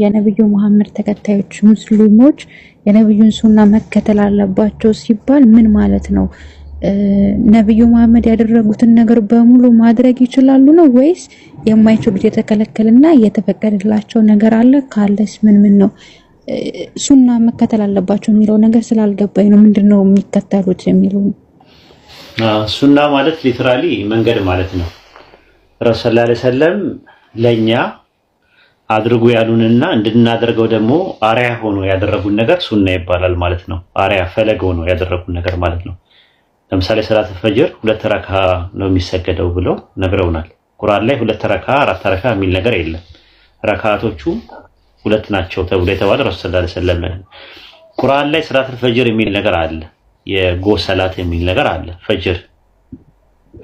የነብዩ መሐመድ ተከታዮች ሙስሊሞች የነብዩን ሱና መከተል አለባቸው ሲባል ምን ማለት ነው? ነብዩ መሐመድ ያደረጉትን ነገር በሙሉ ማድረግ ይችላሉ ነው ወይስ የማይችሉት የተከለከለና የተፈቀደላቸው ነገር አለ? ካለስ ምን ምን ነው? ሱና መከተል አለባቸው የሚለው ነገር ስላልገባኝ ነው። ምንድን ነው የሚከተሉት የሚለው ሱና ማለት ሊትራሊ መንገድ ማለት ነው። ረሱል ሰለላሁ ዐለይሂ ወሰለም ለኛ አድርጉ ያሉንና እንድናደርገው ደግሞ አሪያ ሆኖ ያደረጉን ነገር ሱና ይባላል ማለት ነው። አሪያ ፈለግ ሆኖ ያደረጉን ነገር ማለት ነው። ለምሳሌ ሰላት ፈጅር ሁለት ረካ ነው የሚሰገደው ብለው ነግረውናል። ቁርአን ላይ ሁለት ረካ አራት ረካ የሚል ነገር የለም። ረካቶቹ ሁለት ናቸው ተብሎ የተባለ ረሱ ስላ ዐለይሂ ቁርአን ላይ ሰላት ፈጅር የሚል ነገር አለ። የጎ ሰላት የሚል ነገር አለ። ፈጅር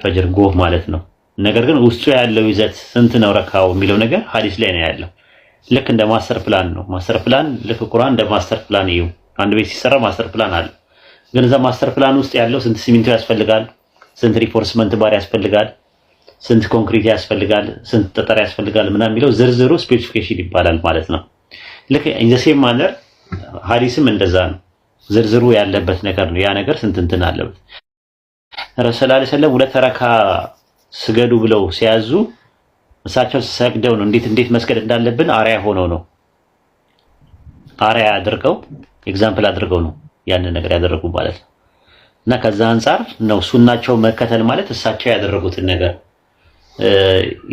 ፈጅር ጎህ ማለት ነው። ነገር ግን ውስጡ ያለው ይዘት ስንት ነው ረካው የሚለው ነገር ሀዲስ ላይ ነው ያለው። ልክ እንደ ማስተር ፕላን ነው። ማስተር ፕላን ልክ ቁርአን እንደ ማስተር ፕላን ይው አንድ ቤት ሲሰራ ማስተር ፕላን አለ። ግን እዛ ማስተር ፕላን ውስጥ ያለው ስንት ሲሚንቶ ያስፈልጋል፣ ስንት ሪፎርስመንት ባር ያስፈልጋል፣ ስንት ኮንክሪት ያስፈልጋል፣ ስንት ጠጠር ያስፈልጋል ምናምን የሚለው ዝርዝሩ ስፔሲፊኬሽን ይባላል ማለት ነው። ልክ ኢን ዘ ሴም ማነር ሐዲስም እንደዛ ነው። ዝርዝሩ ያለበት ነገር ነው። ያ ነገር ስንት እንትን አለበት። ረሱል ሰለላሁ ዐለይሂ ወሰለም ሁለት ረካ ስገዱ ብለው ሲያዙ እሳቸው ሰግደው ነው እንዴት እንዴት መስገድ እንዳለብን አሪያ ሆነው ነው አሪያ አድርገው ኤግዛምፕል አድርገው ነው ያንን ነገር ያደረጉ ማለት ነው። እና ከዛ አንጻር ነው ሱናቸው መከተል ማለት እሳቸው ያደረጉትን ነገር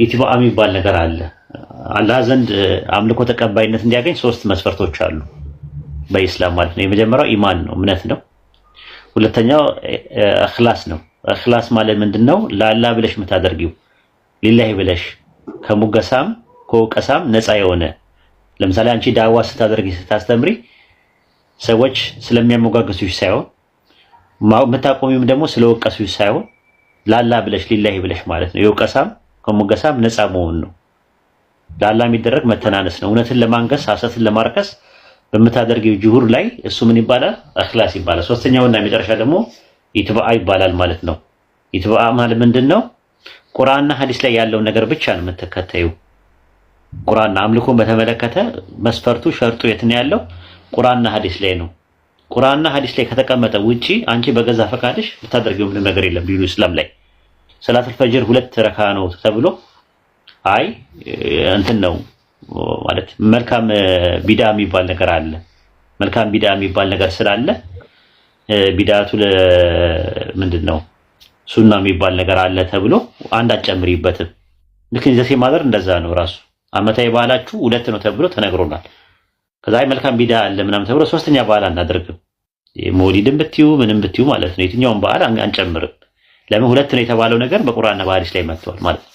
ኢትባአ የሚባል ነገር አለ። አላህ ዘንድ አምልኮ ተቀባይነት እንዲያገኝ ሶስት መስፈርቶች አሉ በኢስላም ማለት ነው። የመጀመሪያው ኢማን ነው፣ እምነት ነው። ሁለተኛው እኽላስ ነው። እኽላስ ማለት ምንድን ነው? ለአላህ ብለሽ የምታደርጊው ሊላሂ ብለሽ ከሙገሳም ከወቀሳም ነፃ የሆነ ለምሳሌ አንቺ ዳዋ ስታደርጊ ስታስተምሪ ሰዎች ስለሚያሞጋግሱሽ ሳይሆን የምታቆሚውም ደግሞ ስለወቀሱሽ ሳይሆን ላላ ብለሽ ሊላሂ ብለሽ ማለት ነው። የወቀሳም ከሙገሳም ነፃ መሆን ነው። ላላ የሚደረግ መተናነስ ነው። እውነትን ለማንገስ ሐሰትን ለማርከስ በምታደርጊው ጅሁር ላይ እሱ ምን ይባላል? እክላስ ይባላል። ሶስተኛውና የመጨረሻ ደግሞ ኢትባአ ይባላል ማለት ነው። ኢትባአ ማለት ምንድን ነው? ቁርአንና ሀዲስ ላይ ያለውን ነገር ብቻ ነው የምትከተዩ። ቁርአንና አምልኮን በተመለከተ መስፈርቱ ሸርጡ የት ነው ያለው? ቁርአንና ሀዲስ ላይ ነው። ቁርአንና ሀዲስ ላይ ከተቀመጠ ውጪ አንቺ በገዛ ፈቃድሽ ልታደርጊው ምንም ነገር የለም። ቢሉ እስላም ላይ ሰላተል ፈጅር ሁለት ረካ ነው ተብሎ አይ እንትን ነው ማለት መልካም ቢዳ የሚባል ነገር አለ። መልካም ቢዳ የሚባል ነገር ስላለ ቢዳቱ ምንድን ነው ሱና የሚባል ነገር አለ ተብሎ አንድ አጨምሪበትም። ልክ ዘሴ ማዘር እንደዛ ነው። ራሱ አመታዊ በዓላችሁ ሁለት ነው ተብሎ ተነግሮናል። ከዛ አይ መልካም ቢዳ አለ ምናምን ተብሎ ሶስተኛ በዓል አናደርግም። ሞሊድም ብትዩ ምንም ብትዩ ማለት ነው የትኛውን በዓል አንጨምርም። ለምን ሁለት ነው የተባለው ነገር በቁርአንና በሐዲስ ላይ መጥቷል ማለት ነው።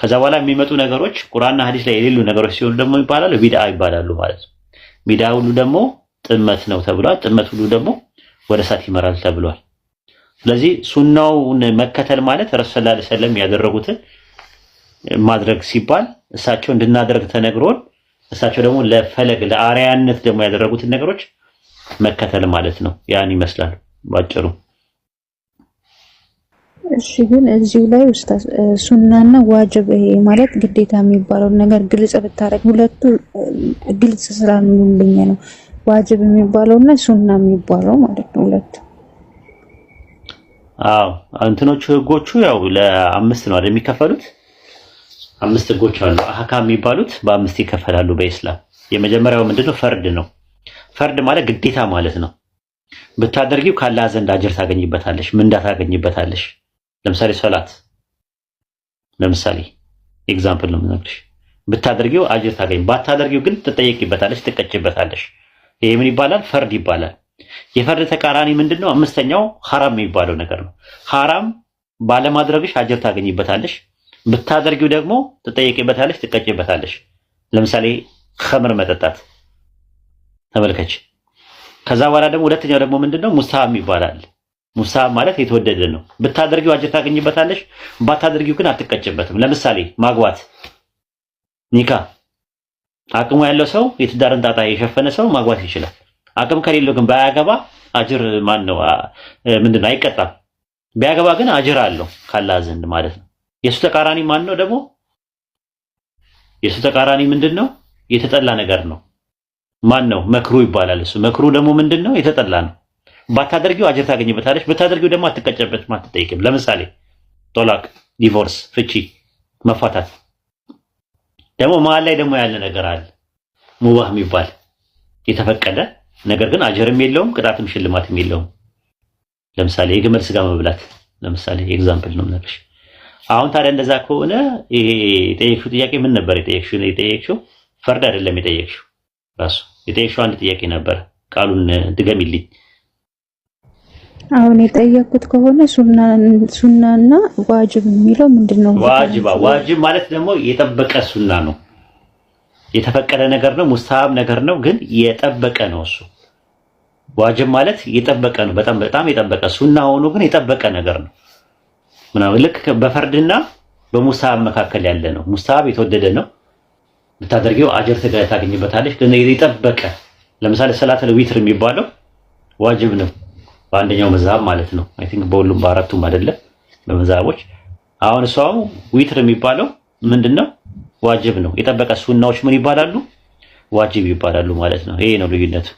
ከዛ በኋላ የሚመጡ ነገሮች ቁርአንና ሐዲስ ላይ የሌሉ ነገሮች ሲሆኑ ደግሞ ይባላሉ ቢዳ ይባላሉ ማለት ነው። ቢዳ ሁሉ ደግሞ ጥመት ነው ተብሏል። ጥመት ሁሉ ደግሞ ወደ እሳት ይመራል ተብሏል። ስለዚህ ሱናውን መከተል ማለት ረሱል ሰለላሁ ያደረጉትን ማድረግ ሲባል እሳቸው እንድናደርግ ተነግሮን እሳቸው ደግሞ ለፈለግ ለአርያነት ደግሞ ያደረጉትን ነገሮች መከተል ማለት ነው። ያን ይመስላል ባጭሩ። እሺ ግን እዚሁ ላይ ኡስታዝ ሱናና ዋጅብ ይሄ ማለት ግዴታ የሚባለውን ነገር ግልጽ ብታደረግ ሁለቱ ግልጽ ስላልሆኑልኝ ነው። ዋጅብ የሚባለውና ሱና የሚባለው ማለት ነው ሁለቱ አዎ እንትኖቹ ህጎቹ ያው ለአምስት ነው አይደል የሚከፈሉት። አምስት ህጎች አሉ አህካም የሚባሉት በአምስት ይከፈላሉ በኢስላም። የመጀመሪያው ምንድነው? ፈርድ ነው። ፈርድ ማለት ግዴታ ማለት ነው። ብታደርጊው ካላህ ዘንድ አጅር ታገኝበታለሽ፣ ምንዳ ታገኝበታለሽ። ለምሳሌ ሶላት፣ ለምሳሌ ኤግዛምፕል ነው የምነግርሽ። ብታደርጊው አጅር ታገኝ፣ ባታደርጊው ግን ትጠየቂበታለሽ፣ ትቀጭበታለሽ። ይሄ ምን ይባላል? ፈርድ ይባላል። የፈርድ ተቃራኒ ምንድን ነው? አምስተኛው ሐራም የሚባለው ነገር ነው። ሐራም ባለማድረግሽ አጀር ታገኝበታለሽ፣ ብታደርጊው ደግሞ ትጠየቂበታለሽ፣ ትቀጭበታለሽ። ለምሳሌ ከምር መጠጣት ተመልከች። ከዛ በኋላ ደግሞ ሁለተኛው ደግሞ ምንድነው ነው? ሙስታሃብ ይባላል። ሙስታሃብ ማለት የተወደደ ነው። ብታደርጊው አጀር ታገኝበታለሽ፣ ባታደርጊው ግን አትቀጭበትም። ለምሳሌ ማግባት፣ ኒካ አቅሙ ያለው ሰው የትዳርን ጣጣ የሸፈነ ሰው ማግባት ይችላል። አቅም ከሌለው ግን ባያገባ አጅር ማን ነው ምንድን ነው አይቀጣም። ቢያገባ ግን አጅር አለው ካላ ዘንድ ማለት ነው። የእሱ ተቃራኒ ማን ነው ደግሞ? የእሱ ተቃራኒ ምንድን ነው? የተጠላ ነገር ነው። ማን ነው? መክሩ ይባላል። እሱ መክሩ ደግሞ ምንድን ነው? የተጠላ ነው። ባታደርጊው አጅር ታገኝበታለች፣ ብታደርጊው ደግሞ አትቀጨበትም፣ አትጠይቅም። ለምሳሌ ጦላቅ፣ ዲቮርስ፣ ፍቺ፣ መፋታት። ደግሞ መሀል ላይ ደግሞ ያለ ነገር አለ ሙባህ የሚባል የተፈቀደ ነገር ግን አጀርም የለውም ቅጣትም ሽልማትም የለውም። ለምሳሌ የግመል ስጋ መብላት ለምሳሌ ኤግዛምፕል ነው የምነግርሽ። አሁን ታዲያ እንደዛ ከሆነ ይሄ የጠየቅሽው ጥያቄ ምን ነበር? የጠየቅሽው የጠየቅሽው ፈርድ አይደለም። የጠየቅሽው ራሱ የጠየቅሽው አንድ ጥያቄ ነበር። ቃሉን ድገሚልኝ። አሁን የጠየቅኩት ከሆነ ሱናና ዋጅብ የሚለው ምንድን ነው? ዋጅብ ማለት ደግሞ የጠበቀ ሱና ነው የተፈቀደ ነገር ነው፣ ሙስታሃብ ነገር ነው። ግን የጠበቀ ነው እሱ ዋጅብ ማለት የጠበቀ ነው። በጣም በጣም የጠበቀ ሱና ሆኖ ግን የጠበቀ ነገር ነው ምናምን ልክ በፈርድና በሙስታሃብ መካከል ያለ ነው። ሙስታሃብ የተወደደ ነው፣ ብታደርጊው አጀር ታገኝበታለች ግን የጠበቀ ለምሳሌ ሰላተል ዊትር የሚባለው ዋጅብ ነው በአንደኛው መዛሀብ ማለት ነው። አይ ቲንክ በሁሉም በአራቱም አይደለም በመዛሀቦች። አሁን እሷው ዊትር የሚባለው ምንድን ነው? ዋጅብ ነው። የጠበቀ ሱናዎች ምን ይባላሉ? ዋጅብ ይባላሉ ማለት ነው። ይሄ ነው ልዩነቱ።